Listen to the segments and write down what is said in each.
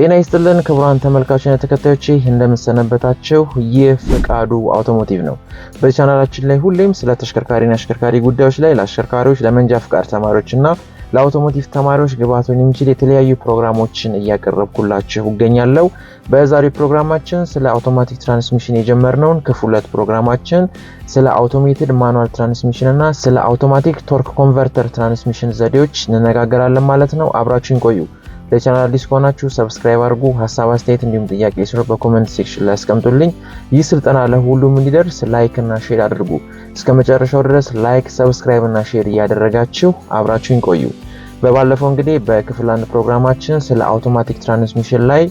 ጤና ይስጥልን ክቡራን ተመልካችን ተከታዮች እንደምሰነበታቸው የፈቃዱ አውቶሞቲቭ ነው። በቻናላችን ላይ ሁሌም ስለ ተሽከርካሪና አሽከርካሪ ጉዳዮች ላይ ለአሽከርካሪዎች፣ ለመንጃ ፍቃድ ተማሪዎችና ለአውቶሞቲቭ ተማሪዎች ግብአቱን የሚችል የተለያዩ ፕሮግራሞችን እያቀረብኩላችሁ እገኛለሁ። በዛሬው ፕሮግራማችን ስለ አውቶማቲክ ትራንስሚሽን የጀመርነውን ክፍል ሁለት ፕሮግራማችን ስለ አውቶሜትድ ማኑዋል ትራንስሚሽን እና ስለ አውቶማቲክ ቶርክ ኮንቨርተር ትራንስሚሽን ዘዴዎች እንነጋገራለን ማለት ነው። አብራችን ቆዩ። ለቻናል አዲስ ከሆናችሁ ሰብስክራይብ አድርጉ። ሀሳብ አስተያየት፣ እንዲሁም ጥያቄ ሲኖር በኮመንት ሴክሽን ላይ አስቀምጡልኝ። ይህ ስልጠና ለሁሉም እንዲደርስ ላይክ እና ሼር አድርጉ። እስከ መጨረሻው ድረስ ላይክ፣ ሰብስክራይብ እና ሼር እያደረጋችሁ አብራችሁን ቆዩ። በባለፈው እንግዲህ በክፍል አንድ ፕሮግራማችን ስለ አውቶማቲክ ትራንስሚሽን ላይ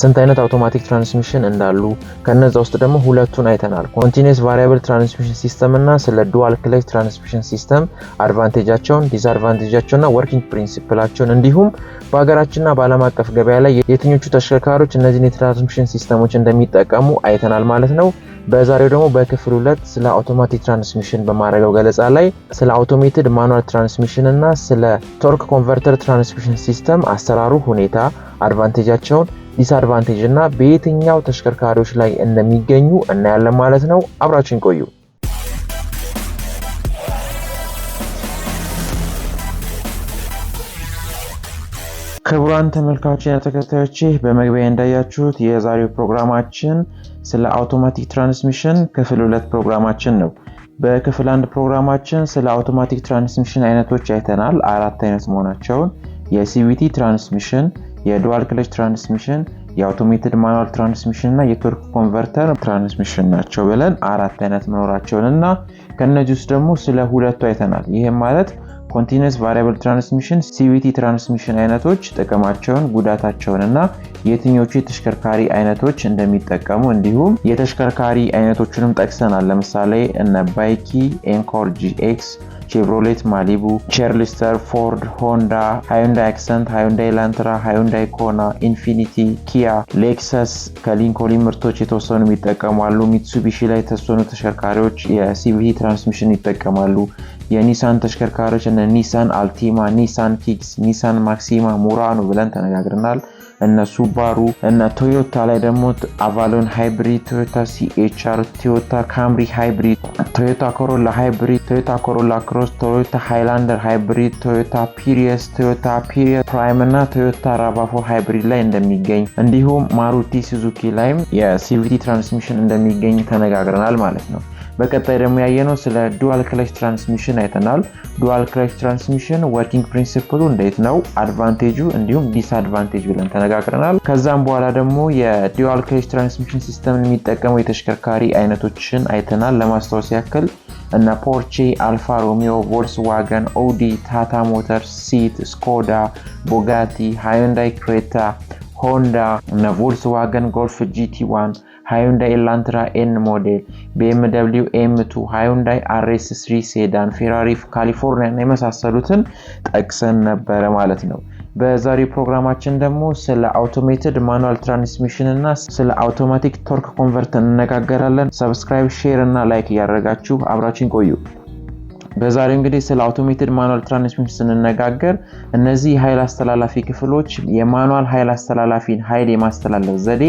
ስንት አይነት አውቶማቲክ ትራንስሚሽን እንዳሉ ከነዛ ውስጥ ደግሞ ሁለቱን አይተናል፣ ኮንቲኒስ ቫሪያብል ትራንስሚሽን ሲስተም እና ስለ ዱዋል ክሌጅ ትራንስሚሽን ሲስተም አድቫንቴጃቸውን፣ ዲስአድቫንቴጃቸውና ወርኪንግ ፕሪንሲፕላቸውን እንዲሁም በሀገራችንና በዓለም አቀፍ ገበያ ላይ የትኞቹ ተሽከርካሪዎች እነዚህን የትራንስሚሽን ሲስተሞች እንደሚጠቀሙ አይተናል ማለት ነው። በዛሬው ደግሞ በክፍል ሁለት ስለ አውቶማቲክ ትራንስሚሽን በማድረገው ገለጻ ላይ ስለ አውቶሜትድ ማኑዋል ትራንስሚሽን እና ስለ ቶርክ የኮንቨርተር ትራንስሚሽን ሲስተም አሰራሩ ሁኔታ፣ አድቫንቴጃቸውን፣ ዲስአድቫንቴጅ እና በየትኛው ተሽከርካሪዎች ላይ እንደሚገኙ እናያለን ማለት ነው። አብራችን ቆዩ። ክቡራን ተመልካቾችና ተከታዮች በመግቢያ እንዳያችሁት የዛሬው ፕሮግራማችን ስለ አውቶማቲክ ትራንስሚሽን ክፍል ሁለት ፕሮግራማችን ነው። በክፍል አንድ ፕሮግራማችን ስለ አውቶማቲክ ትራንስሚሽን አይነቶች አይተናል። አራት አይነት መሆናቸውን የሲቪቲ ትራንስሚሽን፣ የዱዋል ክለች ትራንስሚሽን፣ የአውቶሜትድ ማኑዋል ትራንስሚሽን እና የቶርክ ኮንቨርተር ትራንስሚሽን ናቸው ብለን አራት አይነት መኖራቸውን እና ከእነዚህ ውስጥ ደግሞ ስለ ሁለቱ አይተናል። ይህም ማለት ኮንቲኒስ ቫሪያብል ትራንስሚሽን ሲቪቲ ትራንስሚሽን አይነቶች ጥቅማቸውን፣ ጉዳታቸውን እና የትኞቹ የተሽከርካሪ አይነቶች እንደሚጠቀሙ እንዲሁም የተሽከርካሪ አይነቶቹንም ጠቅሰናል። ለምሳሌ እነ ባይኪ፣ ኤንኮር ጂኤክስ ቼቭሮሌት ማሊቡ፣ ቼርሊስተር፣ ፎርድ፣ ሆንዳ፣ ሃዩንዳይ አክሰንት፣ ሃዩንዳይ ላንትራ፣ ሃዩንዳይ ኮና፣ ኢንፊኒቲ፣ ኪያ፣ ሌክሰስ ከሊንኮሊን ምርቶች የተወሰኑ ይጠቀማሉ። ሚትሱቢሺ ላይ የተወሰኑ ተሽከርካሪዎች የሲቪቲ ትራንስሚሽን ይጠቀማሉ። የኒሳን ተሽከርካሪዎች እነ ኒሳን አልቲማ፣ ኒሳን ኪክስ፣ ኒሳን ማክሲማ፣ ሙራኑ ብለን ተነጋግረናል። እነ ሱባሩ እነ ቶዮታ ላይ ደግሞ አቫሎን ሃይብሪድ፣ ቶዮታ ሲኤችአር፣ ቶዮታ ካምሪ ሃይብሪድ፣ ቶዮታ ኮሮላ ሃይብሪድ፣ ቶዮታ ኮሮላ ክሮስ፣ ቶዮታ ሃይላንደር ሃይብሪድ፣ ቶዮታ ፒሪየስ፣ ቶዮታ ፒሪየስ ፕራይም እና ቶዮታ ራባፎ ሃይብሪድ ላይ እንደሚገኝ እንዲሁም ማሩቲ ሱዙኪ ላይም የሲቪቲ ትራንስሚሽን እንደሚገኝ ተነጋግረናል ማለት ነው። በቀጣይ ደግሞ ያየነው ስለ ዱዋል ክለች ትራንስሚሽን አይተናል። ዱዋል ክለች ትራንስሚሽን ወርኪንግ ፕሪንሲፕሉ እንዴት ነው፣ አድቫንቴጁ እንዲሁም ዲስአድቫንቴጅ ብለን ተነጋግረናል። ከዛም በኋላ ደግሞ የዱዋል ክለች ትራንስሚሽን ሲስተም የሚጠቀሙ የተሽከርካሪ አይነቶችን አይተናል። ለማስታወስ ያክል እነ ፖርቼ፣ አልፋ ሮሚዮ፣ ቮልስዋገን፣ ኦዲ፣ ታታ ሞተር፣ ሲት፣ ስኮዳ፣ ቦጋቲ፣ ሃዮንዳይ ክሬታ ሆንዳ እነ ቮልስዋገን ጎልፍ ጂቲ1 ሃዩንዳይ ኤላንትራ ኤን ሞዴል ቢኤምደብሊው ኤም2 ሃዩንዳይ አርኤስ ስሪ ሴዳን ፌራሪ ካሊፎርኒያ እና የመሳሰሉትን ጠቅሰን ነበረ ማለት ነው። በዛሬው ፕሮግራማችን ደግሞ ስለ አውቶሜትድ ማኑዋል ትራንስሚሽን እና ስለ አውቶማቲክ ቶርክ ኮንቨርት እንነጋገራለን። ሰብስክራይብ፣ ሼር እና ላይክ እያደረጋችሁ አብራችን ቆዩ። በዛሬው እንግዲህ ስለ አውቶሜትድ ማኑዋል ትራንስሚሽን ስንነጋገር እነዚህ የኃይል አስተላላፊ ክፍሎች የማኑዋል ኃይል አስተላላፊን ኃይል የማስተላለፍ ዘዴ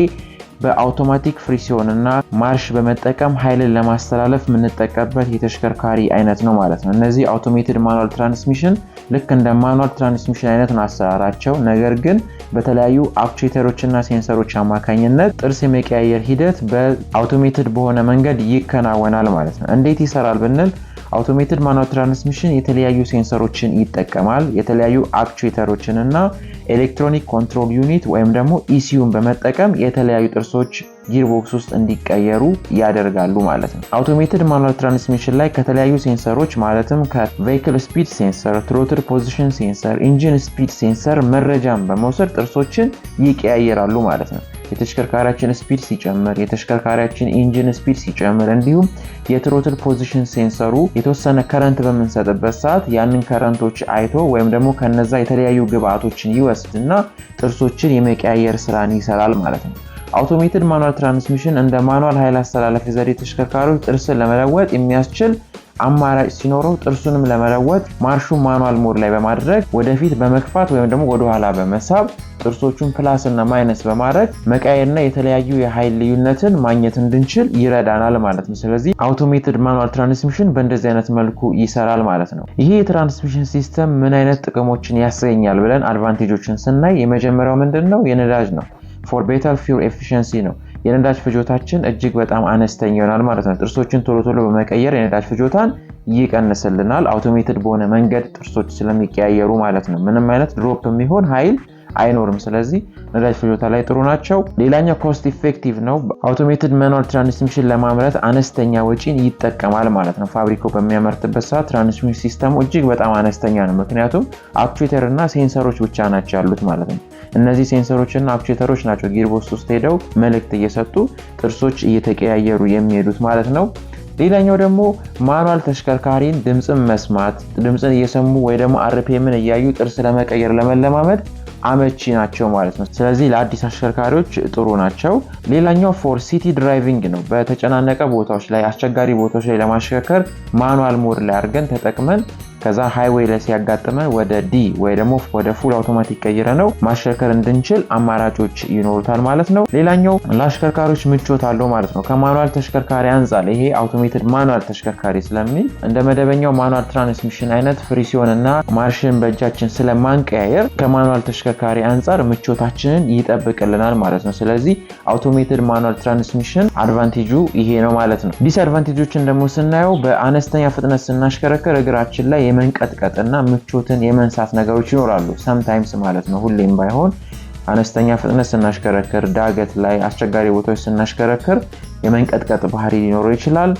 በአውቶማቲክ ፍሪሲዮን እና ማርሽ በመጠቀም ኃይልን ለማስተላለፍ የምንጠቀምበት የተሽከርካሪ አይነት ነው ማለት ነው። እነዚህ አውቶሜትድ ማኑዋል ትራንስሚሽን ልክ እንደ ማኑዋል ትራንስሚሽን አይነት ነው አሰራራቸው። ነገር ግን በተለያዩ አክቹዌተሮች እና ሴንሰሮች አማካኝነት ጥርስ የመቀያየር ሂደት በአውቶሜትድ በሆነ መንገድ ይከናወናል ማለት ነው። እንዴት ይሰራል ብንል አውቶሜትድ ማኑዋል ትራንስሚሽን የተለያዩ ሴንሰሮችን ይጠቀማል። የተለያዩ አክቹዌተሮችን እና ኤሌክትሮኒክ ኮንትሮል ዩኒት ወይም ደግሞ ኢሲዩን e በመጠቀም የተለያዩ ጥርሶች ጊርቦክስ ውስጥ እንዲቀየሩ ያደርጋሉ ማለት ነው። አውቶሜትድ ማኑዋል ትራንስሚሽን ላይ ከተለያዩ ሴንሰሮች ማለትም ከቬይክል ስፒድ ሴንሰር፣ ትሮትል ፖዚሽን ሴንሰር፣ ኢንጂን ስፒድ ሴንሰር መረጃን በመውሰድ ጥርሶችን ይቀያየራሉ ማለት ነው። የተሽከርካሪያችን ስፒድ ሲጨምር፣ የተሽከርካሪያችን ኢንጂን ስፒድ ሲጨምር እንዲሁም የትሮትል ፖዚሽን ሴንሰሩ የተወሰነ ከረንት በምንሰጥበት ሰዓት ያንን ከረንቶች አይቶ ወይም ደግሞ ከነዛ የተለያዩ ግብአቶችን ይወስድና ጥርሶችን የመቀያየር ስራን ይሰራል ማለት ነው። አውቶሜትድ ማኑዋል ትራንስሚሽን እንደ ማኑዋል ኃይል አስተላለፊ ዘዴ ተሽከርካሪዎች ጥርስን ለመለወጥ የሚያስችል አማራጭ ሲኖረው ጥርሱንም ለመለወጥ ማርሹ ማኑዋል ሞድ ላይ በማድረግ ወደፊት በመግፋት ወይም ደግሞ ወደኋላ በመሳብ ጥርሶቹን ፕላስ እና ማይነስ በማድረግ መቃየርና የተለያዩ የኃይል ልዩነትን ማግኘት እንድንችል ይረዳናል ማለት ነው። ስለዚህ አውቶሜትድ ማኑዋል ትራንስሚሽን በእንደዚህ አይነት መልኩ ይሰራል ማለት ነው። ይሄ የትራንስሚሽን ሲስተም ምን አይነት ጥቅሞችን ያስገኛል ብለን አድቫንቴጆችን ስናይ የመጀመሪያው ምንድን ነው? የነዳጅ ነው። ፎር ቤተር ፊውል ኤፊሽንሲ ነው። የነዳጅ ፍጆታችን እጅግ በጣም አነስተኛ ይሆናል ማለት ነው። ጥርሶችን ቶሎ ቶሎ በመቀየር የነዳጅ ፍጆታን ይቀንስልናል። አውቶሜትድ በሆነ መንገድ ጥርሶች ስለሚቀያየሩ ማለት ነው። ምንም አይነት ድሮፕ የሚሆን ኃይል አይኖርም። ስለዚህ ነዳጅ ፍጆታ ላይ ጥሩ ናቸው። ሌላኛው ኮስት ኢፌክቲቭ ነው። አውቶሜትድ መኗል ትራንስሚሽን ለማምረት አነስተኛ ወጪን ይጠቀማል ማለት ነው። ፋብሪካው በሚያመርትበት ሰዓት ትራንስሚሽን ሲስተሙ እጅግ በጣም አነስተኛ ነው። ምክንያቱም አክቹዌተር እና ሴንሰሮች ብቻ ናቸው ያሉት ማለት ነው። እነዚህ ሴንሰሮች እና አክቹዌተሮች ናቸው ጊርቦክስ ውስጥ ሄደው መልእክት እየሰጡ ጥርሶች እየተቀያየሩ የሚሄዱት ማለት ነው። ሌላኛው ደግሞ ማኑዋል ተሽከርካሪን ድምፅን መስማት ድምፅን እየሰሙ ወይ ደግሞ አርፔምን እያዩ ጥርስ ለመቀየር ለመለማመድ አመቺ ናቸው ማለት ነው። ስለዚህ ለአዲስ አሽከርካሪዎች ጥሩ ናቸው። ሌላኛው ፎር ሲቲ ድራይቪንግ ነው። በተጨናነቀ ቦታዎች ላይ፣ አስቸጋሪ ቦታዎች ላይ ለማሽከርከር ማኑዋል ሞድ ላይ አድርገን ተጠቅመን ከዛ ሃይዌይ ላይ ሲያጋጥመን ወደ ዲ ወይ ደግሞ ወደ ፉል አውቶማቲክ ቀይረ ነው ማሽከርከር እንድንችል አማራጮች ይኖሩታል ማለት ነው። ሌላኛው ለአሽከርካሪዎች ምቾት አለው ማለት ነው። ከማኑዋል ተሽከርካሪ አንጻር ይሄ አውቶሜትድ ማኑዋል ተሽከርካሪ ስለሚል እንደ መደበኛው ማኑዋል ትራንስሚሽን አይነት ፍሪሲዮን እና ማርሽን በእጃችን ስለማንቀያየር ከማኑዋል ተሽከርካሪ አንጻር ምቾታችንን ይጠብቅልናል ማለት ነው። ስለዚህ አውቶሜትድ ማኑዋል ትራንስሚሽን አድቫንቴጁ ይሄ ነው ማለት ነው። ዲስአድቫንቴጆችን ደግሞ ስናየው በአነስተኛ ፍጥነት ስናሽከረከር እግራችን ላይ እና ምቾትን የመንሳት ነገሮች ይኖራሉ። ሰምታይምስ ማለት ነው፣ ሁሌም ባይሆን አነስተኛ ፍጥነት ስናሽከረክር፣ ዳገት ላይ አስቸጋሪ ቦታዎች ስናሽከረክር የመንቀጥቀጥ ባህሪ ሊኖረው ይችላል።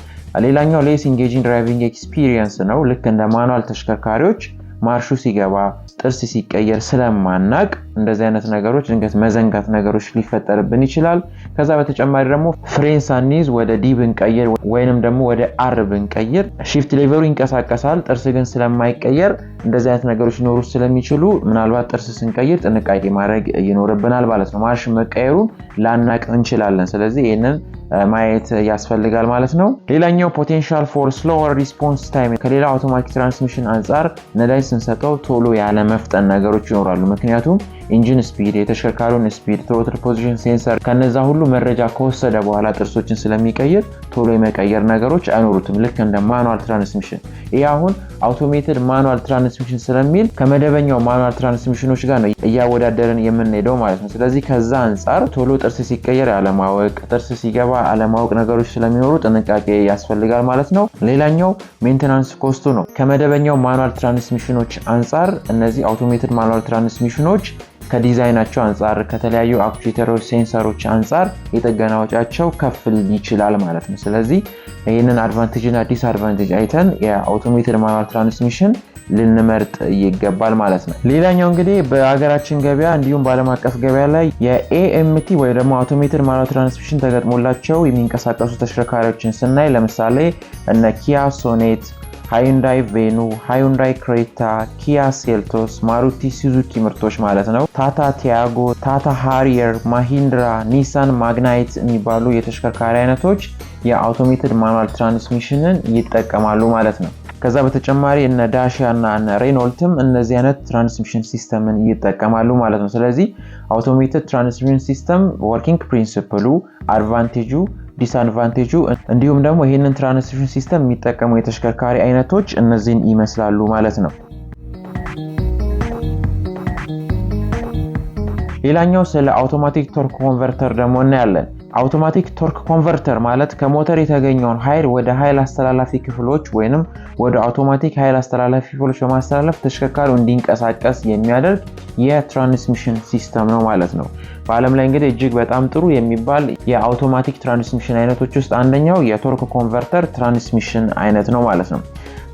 ሌላኛው ሌስ ኢንጌጂንግ ድራይቪንግ ኤክስፒሪየንስ ነው። ልክ እንደ ማኑዋል ተሽከርካሪዎች ማርሹ ሲገባ ጥርስ ሲቀየር ስለማናቅ እንደዚህ አይነት ነገሮች ድንገት መዘንጋት ነገሮች ሊፈጠርብን ይችላል። ከዛ በተጨማሪ ደግሞ ፍሬን ሳንይዝ ወደ ዲ ብንቀይር ወይንም ደግሞ ወደ አር ብንቀይር ሺፍት ሌቨሩ ይንቀሳቀሳል። ጥርስ ግን ስለማይቀየር እንደዚህ አይነት ነገሮች ሊኖሩ ስለሚችሉ ምናልባት ጥርስ ስንቀይር ጥንቃቄ ማድረግ ይኖርብናል ማለት ነው። ማርሽ መቀየሩን ላናቅ እንችላለን። ስለዚህ ይህንን ማየት ያስፈልጋል ማለት ነው። ሌላኛው ፖቴንሻል ፎር ስሎወር ሪስፖንስ ታይም ከሌላ አውቶማቲክ ትራንስሚሽን አንጻር ነዳጅ ስንሰጠው ቶሎ ያለ መፍጠን ነገሮች ይኖራሉ። ምክንያቱም ኢንጂን ስፒድ፣ የተሽከርካሪውን ስፒድ፣ ትሮትል ፖዚሽን ሴንሰር ከነዛ ሁሉ መረጃ ከወሰደ በኋላ ጥርሶችን ስለሚቀይር ቶሎ የመቀየር ነገሮች አይኖሩትም። ልክ እንደ ማኑዋል ትራንስሚሽን። ይህ አሁን አውቶሜትድ ማኑዋል ትራንስሚሽን ስለሚል ከመደበኛው ማኑዋል ትራንስሚሽኖች ጋር ነው እያወዳደርን የምንሄደው ማለት ነው። ስለዚህ ከዛ አንጻር ቶሎ ጥርስ ሲቀየር አለማወቅ ጥርስ ሲገባ አለማወቅ ነገሮች ስለሚኖሩ ጥንቃቄ ያስፈልጋል ማለት ነው። ሌላኛው ሜንቴናንስ ኮስቱ ነው። ከመደበኛው ማኑዋል ትራንስሚሽኖች አንጻር እነዚህ አውቶሜትድ ማኑዋል ትራንስሚሽኖች ከዲዛይናቸው አንጻር ከተለያዩ አክቹዌተሮች፣ ሴንሰሮች አንጻር የጥገና ከፍ ይችላል ማለት ነው። ስለዚህ ይህንን አድቫንቴጅ እና ዲስአድቫንቴጅ አይተን የአውቶሜትድ ማኑዋል ትራንስሚሽን ልንመርጥ ይገባል ማለት ነው። ሌላኛው እንግዲህ በሀገራችን ገበያ እንዲሁም በአለም አቀፍ ገበያ ላይ የኤኤምቲ ወይ ደግሞ አውቶሜትድ ማኑዋል ትራንስሚሽን ተገጥሞላቸው የሚንቀሳቀሱ ተሽከርካሪዎችን ስናይ ለምሳሌ እነ ኪያ ሶኔት ሃዩንዳይ ቬኑ፣ ሃዩንዳይ ክሬታ፣ ኪያ ሴልቶስ፣ ማሩቲ ሱዙኪ ምርቶች ማለት ነው። ታታ ቲያጎ፣ ታታ ሃሪየር፣ ማሂንድራ፣ ኒሳን ማግናይት የሚባሉ የተሽከርካሪ አይነቶች የአውቶሜትድ ማኑዋል ትራንስሚሽንን ይጠቀማሉ ማለት ነው። ከዛ በተጨማሪ እነ ዳሽያ እና እነ ሬኖልትም እነዚህ አይነት ትራንስሚሽን ሲስተምን ይጠቀማሉ ማለት ነው። ስለዚህ አውቶሜትድ ትራንስሚሽን ሲስተም ወርኪንግ ፕሪንስፕሉ አድቫንቴጁ ዲስአድቫንቴጁ እንዲሁም ደግሞ ይህንን ትራንስሚሽን ሲስተም የሚጠቀሙ የተሽከርካሪ አይነቶች እነዚህን ይመስላሉ ማለት ነው። ሌላኛው ስለ አውቶማቲክ ቶርክ ኮንቨርተር ደግሞ እናያለን። አውቶማቲክ ቶርክ ኮንቨርተር ማለት ከሞተር የተገኘውን ኃይል ወደ ኃይል አስተላላፊ ክፍሎች ወይንም ወደ አውቶማቲክ ኃይል አስተላላፊ ክፍሎች በማስተላለፍ ተሽከርካሪው እንዲንቀሳቀስ የሚያደርግ የትራንስሚሽን ሲስተም ነው ማለት ነው። በዓለም ላይ እንግዲህ እጅግ በጣም ጥሩ የሚባል የአውቶማቲክ ትራንስሚሽን አይነቶች ውስጥ አንደኛው የቶርክ ኮንቨርተር ትራንስሚሽን አይነት ነው ማለት ነው።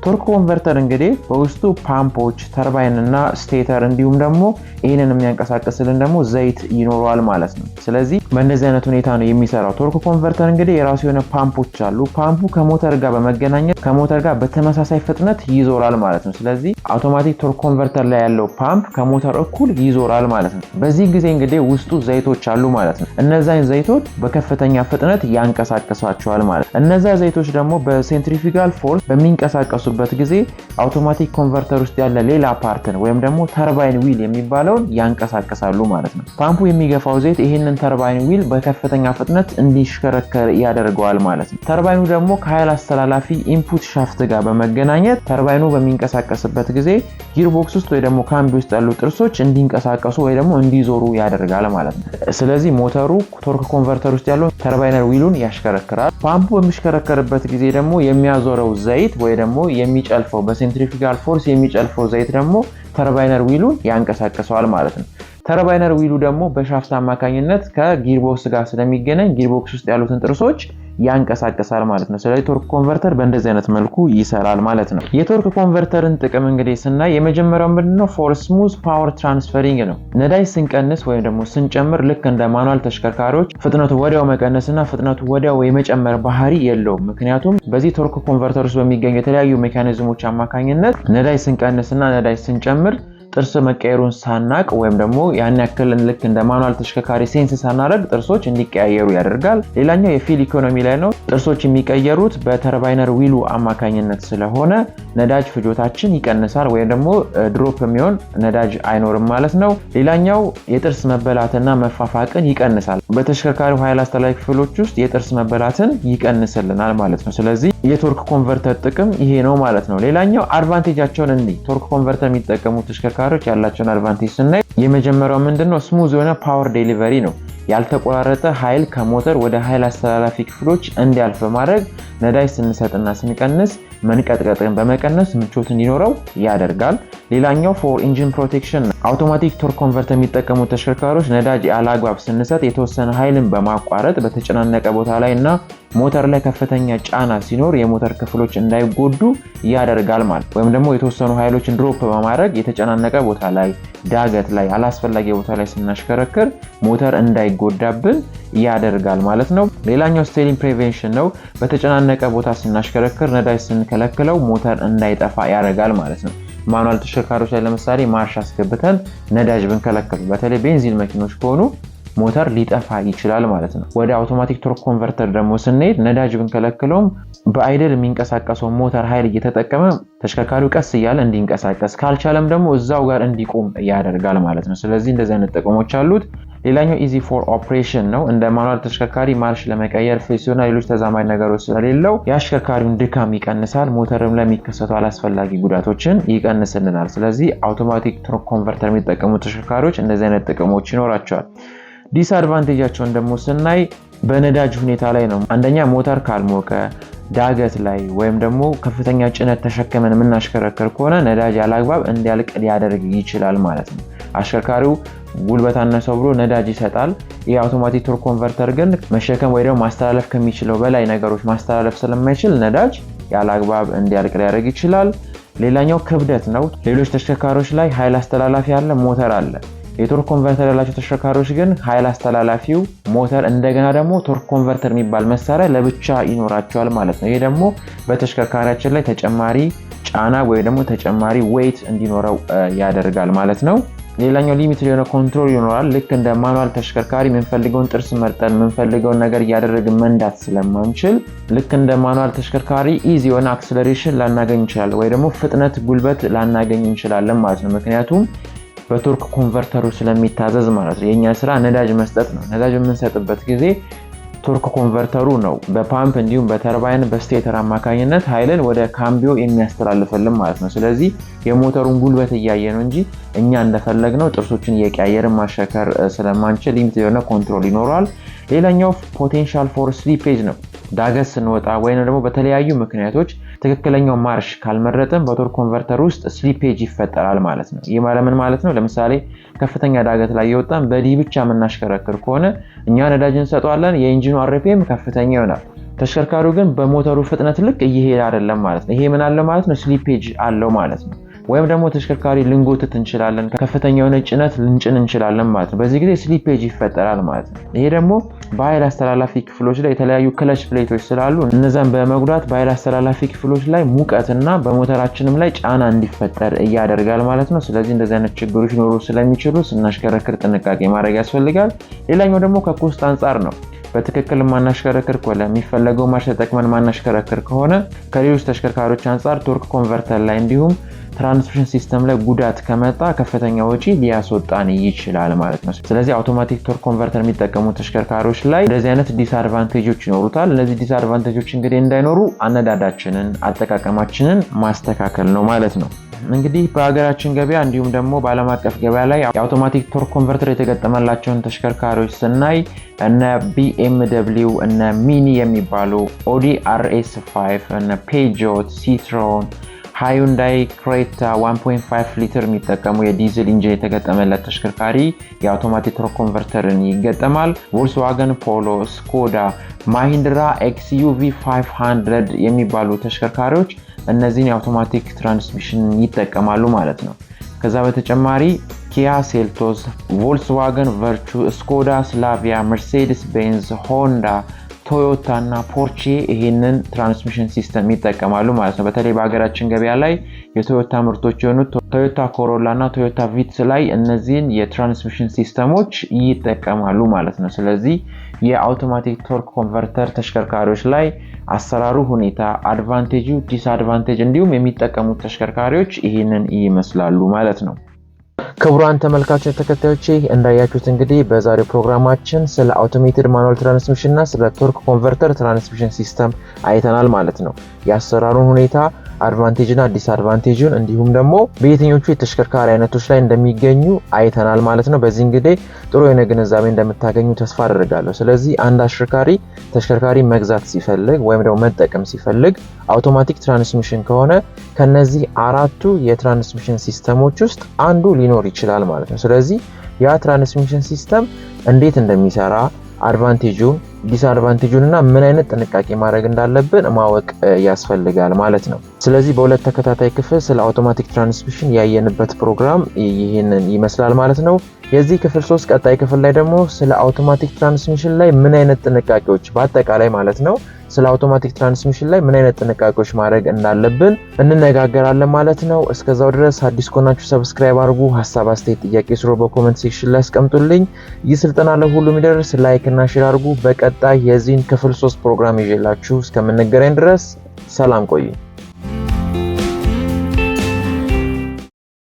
ቶርክ ኮንቨርተር እንግዲህ በውስጡ ፓምፖች፣ ተርባይን እና ስቴተር እንዲሁም ደግሞ ይህንን የሚያንቀሳቅስልን ደግሞ ዘይት ይኖረዋል ማለት ነው። ስለዚህ በእንደዚህ አይነት ሁኔታ ነው የሚሰራው። ቶርክ ኮንቨርተር እንግዲህ የራሱ የሆነ ፓምፖች አሉ። ፓምፑ ከሞተር ጋር በመገናኘት ከሞተር ጋር በተመሳሳይ ፍጥነት ይዞራል ማለት ነው። ስለዚህ አውቶማቲክ ቶርክ ኮንቨርተር ላይ ያለው ፓምፕ ከሞተር እኩል ይዞራል ማለት ነው። በዚህ ጊዜ እንግዲህ ውስጡ ዘይቶች አሉ ማለት ነው። እነዛን ዘይቶች በከፍተኛ ፍጥነት ያንቀሳቅሳቸዋል ማለት ነው። እነዛ ዘይቶች ደግሞ በሴንትሪፊጋል ፎርስ በሚንቀሳቀሱ በሚያመጡበት ጊዜ አውቶማቲክ ኮንቨርተር ውስጥ ያለ ሌላ ፓርትን ወይም ደግሞ ተርባይን ዊል የሚባለውን ያንቀሳቅሳሉ ማለት ነው። ፓምፑ የሚገፋው ዘይት ይህንን ተርባይን ዊል በከፍተኛ ፍጥነት እንዲሽከረከር ያደርገዋል ማለት ነው። ተርባይኑ ደግሞ ከኃይል አስተላላፊ ኢንፑት ሻፍት ጋር በመገናኘት ተርባይኑ በሚንቀሳቀስበት ጊዜ ጊርቦክስ ውስጥ ወይ ደግሞ ካምቢ ውስጥ ያሉ ጥርሶች እንዲንቀሳቀሱ ወይ ደግሞ እንዲዞሩ ያደርጋል ማለት ነው። ስለዚህ ሞተሩ ቶርክ ኮንቨርተር ውስጥ ያለውን ተርባይነር ዊሉን ያሽከረክራል። ፓምፑ በሚሽከረከርበት ጊዜ ደግሞ የሚያዞረው ዘይት ወይ ደግሞ የሚጨልፈው በሴንትሪፊጋል ፎርስ የሚጨልፈው ዘይት ደግሞ ተርባይነር ዊሉን ያንቀሳቅሰዋል ማለት ነው። ተርባይነር ዊሉ ደግሞ በሻፍት አማካኝነት ከጊርቦክስ ጋር ስለሚገናኝ ጊርቦክስ ውስጥ ያሉትን ጥርሶች ያንቀሳቀሳል ማለት ነው። ስለዚህ ቶርክ ኮንቨርተር በእንደዚህ አይነት መልኩ ይሰራል ማለት ነው። የቶርክ ኮንቨርተርን ጥቅም እንግዲህ ስናይ የመጀመሪያው ምንድነው ፎር ስሙዝ ፓወር ትራንስፈሪንግ ነው። ነዳጅ ስንቀንስ ወይም ደግሞ ስንጨምር ልክ እንደ ማኑዋል ተሽከርካሪዎች ፍጥነቱ ወዲያው መቀነስና ፍጥነቱ ወዲያው የመጨመር ባህሪ የለውም። ምክንያቱም በዚህ ቶርክ ኮንቨርተር ውስጥ በሚገኙ የተለያዩ ሜካኒዝሞች አማካኝነት ነዳጅ ስንቀንስና ነዳጅ ስንጨምር ጥርስ መቀየሩን ሳናቅ ወይም ደግሞ ያን ያክል ልክ እንደ ማኑዋል ተሽከርካሪ ሴንስ ሳናደርግ ጥርሶች እንዲቀያየሩ ያደርጋል። ሌላኛው የፊል ኢኮኖሚ ላይ ነው። ጥርሶች የሚቀየሩት በተርባይነር ዊሉ አማካኝነት ስለሆነ ነዳጅ ፍጆታችን ይቀንሳል ወይም ደግሞ ድሮፕ የሚሆን ነዳጅ አይኖርም ማለት ነው። ሌላኛው የጥርስ መበላትና መፋፋቅን ይቀንሳል። በተሽከርካሪው ኃይል አስተላይ ክፍሎች ውስጥ የጥርስ መበላትን ይቀንስልናል ማለት ነው። ስለዚህ የቶርክ ኮንቨርተር ጥቅም ይሄ ነው ማለት ነው። ሌላኛው አድቫንቴጃቸውን እንዲ ቶርክ ኮንቨርተር የሚጠቀሙ ተሽከርካሪዎች ያላቸውን አድቫንቴጅ ስናይ የመጀመሪያው ምንድነው ስሙዝ የሆነ ፓወር ዴሊቨሪ ነው። ያልተቆራረጠ ኃይል ከሞተር ወደ ኃይል አስተላላፊ ክፍሎች እንዲያልፍ በማድረግ ነዳጅ ስንሰጥና ስንቀንስ መንቀጥቀጥን በመቀነስ ምቾት እንዲኖረው ያደርጋል። ሌላኛው ፎር ኢንጂን ፕሮቴክሽን አውቶማቲክ ቶርክ ኮንቨርተር የሚጠቀሙ ተሽከርካሪዎች ነዳጅ አላግባብ ስንሰጥ የተወሰነ ኃይልን በማቋረጥ በተጨናነቀ ቦታ ላይ እና ሞተር ላይ ከፍተኛ ጫና ሲኖር የሞተር ክፍሎች እንዳይጎዱ ያደርጋል ማለት ወይም ደግሞ የተወሰኑ ኃይሎችን ድሮፕ በማድረግ የተጨናነቀ ቦታ ላይ፣ ዳገት ላይ፣ አላስፈላጊ ቦታ ላይ ስናሽከረክር ሞተር እንዳይጎዳብን ያደርጋል ማለት ነው። ሌላኛው ስቴሪንግ ፕሬቬንሽን ነው። በተጨናነቀ ቦታ ስናሽከረክር ነዳጅ ስን ስንከለክለው ሞተር እንዳይጠፋ ያደርጋል ማለት ነው። ማኑዋል ተሽከርካሪዎች ላይ ለምሳሌ ማርሽ አስገብተን ነዳጅ ብንከለክል፣ በተለይ ቤንዚን መኪኖች ከሆኑ ሞተር ሊጠፋ ይችላል ማለት ነው። ወደ አውቶማቲክ ቶርክ ኮንቨርተር ደግሞ ስንሄድ ነዳጅ ብንከለክለውም በአይደል የሚንቀሳቀሰው ሞተር ኃይል እየተጠቀመ ተሽከርካሪው ቀስ እያለ እንዲንቀሳቀስ ካልቻለም ደግሞ እዛው ጋር እንዲቆም ያደርጋል ማለት ነው። ስለዚህ እንደዚህ አይነት ጥቅሞች አሉት። ሌላኛው ኢዚ ፎር ኦፕሬሽን ነው። እንደ ማኑዋል ተሽከርካሪ ማርሽ ለመቀየር ፍሌክሲዮንና ሌሎች ተዛማጅ ነገሮች ስለሌለው የአሽከርካሪውን ድካም ይቀንሳል። ሞተርም ላይ የሚከሰቱ አላስፈላጊ ጉዳቶችን ይቀንስልናል። ስለዚህ አውቶማቲክ ትሮክ ኮንቨርተር የሚጠቀሙ ተሽከርካሪዎች እንደዚህ አይነት ጥቅሞች ይኖራቸዋል። ዲስአድቫንቴጃቸውን ደግሞ ስናይ በነዳጅ ሁኔታ ላይ ነው። አንደኛ ሞተር ካልሞቀ ዳገት ላይ ወይም ደግሞ ከፍተኛ ጭነት ተሸክመን የምናሽከረከር ከሆነ ነዳጅ ያለ አግባብ እንዲያልቅ ሊያደርግ ይችላል ማለት ነው አሽከርካሪው ጉልበት አነሰው ብሎ ነዳጅ ይሰጣል። ይህ አውቶማቲክ ቶርክ ኮንቨርተር ግን መሸከም ወይ ደግሞ ማስተላለፍ ከሚችለው በላይ ነገሮች ማስተላለፍ ስለማይችል ነዳጅ ያለ አግባብ እንዲያልቅ ሊያደርግ ይችላል። ሌላኛው ክብደት ነው። ሌሎች ተሽከርካሪዎች ላይ ኃይል አስተላላፊ አለ፣ ሞተር አለ። የቶርክ ኮንቨርተር ያላቸው ተሽከርካሪዎች ግን ኃይል አስተላላፊው ሞተር፣ እንደገና ደግሞ ቶርክ ኮንቨርተር የሚባል መሳሪያ ለብቻ ይኖራቸዋል ማለት ነው። ይሄ ደግሞ በተሽከርካሪያችን ላይ ተጨማሪ ጫና ወይ ደግሞ ተጨማሪ ዌይት እንዲኖረው ያደርጋል ማለት ነው። ሌላኛው ሊሚት የሆነ ኮንትሮል ይኖራል። ልክ እንደ ማኑዋል ተሽከርካሪ የምንፈልገውን ጥርስ መርጠን የምንፈልገውን ነገር እያደረግን መንዳት ስለማንችል ልክ እንደ ማኑዋል ተሽከርካሪ ኢዚ የሆነ አክስለሬሽን ላናገኝ እንችላለን፣ ወይ ደግሞ ፍጥነት፣ ጉልበት ላናገኝ እንችላለን ማለት ነው። ምክንያቱም በቶርክ ኮንቨርተሩ ስለሚታዘዝ ማለት ነው። የእኛ ስራ ነዳጅ መስጠት ነው። ነዳጅ የምንሰጥበት ጊዜ ቱርክ ኮንቨርተሩ ነው። በፓምፕ እንዲሁም በተርባይን በስቴተር አማካኝነት ኃይልን ወደ ካምቢዮ የሚያስተላልፍልን ማለት ነው። ስለዚህ የሞተሩን ጉልበት እያየ ነው እንጂ እኛ እንደፈለግ ነው ጥርሶችን እየቀያየርን ማሸከር ስለማንችል ሊሚት የሆነ ኮንትሮል ይኖረዋል። ሌላኛው ፖቴንሻል ፎር ስሊፔጅ ነው። ዳገት ስንወጣ ወይም ደግሞ በተለያዩ ምክንያቶች ትክክለኛው ማርሽ ካልመረጥን በቶር ኮንቨርተር ውስጥ ስሊፔጅ ይፈጠራል ማለት ነው። ይህ ማለምን ማለት ነው። ለምሳሌ ከፍተኛ ዳገት ላይ የወጣን በዲ ብቻ የምናሽከረክር ከሆነ እኛ ነዳጅ እንሰጠዋለን፣ የኢንጂኑ አርፒኤም ከፍተኛ ይሆናል። ተሽከርካሪው ግን በሞተሩ ፍጥነት ልክ እየሄደ አይደለም ማለት ነው። ይሄ ምን አለው ማለት ነው? ስሊፔጅ አለው ማለት ነው። ወይም ደግሞ ተሽከርካሪ ልንጎትት እንችላለን። ከፍተኛ የሆነ ጭነት ልንጭን እንችላለን ማለት ነው። በዚህ ጊዜ ስሊፔጅ ይፈጠራል ማለት ነው። ይሄ ደግሞ በኃይል አስተላላፊ ክፍሎች ላይ የተለያዩ ክለች ፕሌቶች ስላሉ እነዛን በመጉዳት በኃይል አስተላላፊ ክፍሎች ላይ ሙቀትና በሞተራችንም ላይ ጫና እንዲፈጠር እያደርጋል ማለት ነው። ስለዚህ እንደዚህ አይነት ችግሮች ሊኖሩ ስለሚችሉ ስናሽከረክር ጥንቃቄ ማድረግ ያስፈልጋል። ሌላኛው ደግሞ ከኮስት አንጻር ነው። በትክክል ማናሽከረክር ከሆነ የሚፈለገው ማሽ ተጠቅመን ማናሽከረክር ከሆነ ከሌሎች ተሽከርካሪዎች አንጻር ቶርክ ኮንቨርተር ላይ እንዲሁም የትራንስሚሽን ሲስተም ላይ ጉዳት ከመጣ ከፍተኛ ወጪ ሊያስወጣን ይችላል ማለት ነው። ስለዚህ አውቶማቲክ ቶር ኮንቨርተር የሚጠቀሙ ተሽከርካሪዎች ላይ እንደዚህ አይነት ዲስአድቫንቴጆች ይኖሩታል። እነዚህ ዲስአድቫንቴጆች እንግዲህ እንዳይኖሩ አነዳዳችንን፣ አጠቃቀማችንን ማስተካከል ነው ማለት ነው። እንግዲህ በሀገራችን ገበያ እንዲሁም ደግሞ በዓለም አቀፍ ገበያ ላይ የአውቶማቲክ ቶር ኮንቨርተር የተገጠመላቸውን ተሽከርካሪዎች ስናይ እነ ቢኤምደብሊው፣ እነ ሚኒ የሚባሉ ኦዲ አርኤስ 5፣ እነ ፔጆት፣ ሲትሮን ሃዩንዳይ ክሬታ 1.5 ሊትር የሚጠቀሙ የዲዝል ኢንጂን የተገጠመለት ተሽከርካሪ የአውቶማቲክ ቶርክ ኮንቨርተርን ይገጠማል። ቮልስዋገን ፖሎ፣ ስኮዳ፣ ማሂንድራ ኤክስዩቪ 500 የሚባሉ ተሽከርካሪዎች እነዚህን የአውቶማቲክ ትራንስሚሽን ይጠቀማሉ ማለት ነው። ከዛ በተጨማሪ ኪያ ሴልቶስ፣ ቮልስዋገን ቨርቹ፣ ስኮዳ ስላቪያ፣ መርሴዲስ ቤንዝ፣ ሆንዳ ቶዮታ እና ፖርቼ ይህንን ትራንስሚሽን ሲስተም ይጠቀማሉ ማለት ነው። በተለይ በሀገራችን ገበያ ላይ የቶዮታ ምርቶች የሆኑት ቶዮታ ኮሮላ እና ቶዮታ ቪትስ ላይ እነዚህን የትራንስሚሽን ሲስተሞች ይጠቀማሉ ማለት ነው። ስለዚህ የአውቶማቲክ ቶርክ ኮንቨርተር ተሽከርካሪዎች ላይ አሰራሩ ሁኔታ፣ አድቫንቴጁ፣ ዲስአድቫንቴጅ እንዲሁም የሚጠቀሙት ተሽከርካሪዎች ይህንን ይመስላሉ ማለት ነው። ክቡራን ተመልካች ተከታዮች እንዳያችሁት እንግዲህ በዛሬው ፕሮግራማችን ስለ አውቶሜትድ ማኑዋል ትራንስሚሽን እና ስለ ቶርክ ኮንቨርተር ትራንስሚሽን ሲስተም አይተናል ማለት ነው። የአሰራሩን ሁኔታ አድቫንቴጅና ዲስአድቫንቴጅን እንዲሁም ደግሞ በየትኞቹ የተሽከርካሪ አይነቶች ላይ እንደሚገኙ አይተናል ማለት ነው። በዚህ እንግዲህ ጥሩ የሆነ ግንዛቤ እንደምታገኙ ተስፋ አደርጋለሁ ስለዚህ አንድ አሽከርካሪ ተሽከርካሪ መግዛት ሲፈልግ ወይም ደግሞ መጠቀም ሲፈልግ አውቶማቲክ ትራንስሚሽን ከሆነ ከነዚህ አራቱ የትራንስሚሽን ሲስተሞች ውስጥ አንዱ ሊኖር ይችላል ማለት ነው። ስለዚህ ያ ትራንስሚሽን ሲስተም እንዴት እንደሚሰራ አድቫንቴጁን ዲስአድቫንቴጁን እና ምን አይነት ጥንቃቄ ማድረግ እንዳለብን ማወቅ ያስፈልጋል ማለት ነው። ስለዚህ በሁለት ተከታታይ ክፍል ስለ አውቶማቲክ ትራንስሚሽን ያየንበት ፕሮግራም ይህንን ይመስላል ማለት ነው። የዚህ ክፍል ሶስት ቀጣይ ክፍል ላይ ደግሞ ስለ አውቶማቲክ ትራንስሚሽን ላይ ምን አይነት ጥንቃቄዎች በአጠቃላይ ማለት ነው ስለ አውቶማቲክ ትራንስሚሽን ላይ ምን አይነት ጥንቃቄዎች ማድረግ እንዳለብን እንነጋገራለን ማለት ነው። እስከዛው ድረስ አዲስ ከሆናችሁ ሰብስክራይብ አድርጉ። ሀሳብ፣ አስተያየት፣ ጥያቄ ስሮ በኮመንት ሴክሽን ላይ አስቀምጡልኝ። ይህ ስልጠና ለሁሉም ይደርስ ላይክ እና ሼር አድርጉ። በቀ ቀጣይ የዚህን ክፍል ሶስት ፕሮግራም ይዤላችሁ እስከምንገናኝ ድረስ ሰላም ቆይ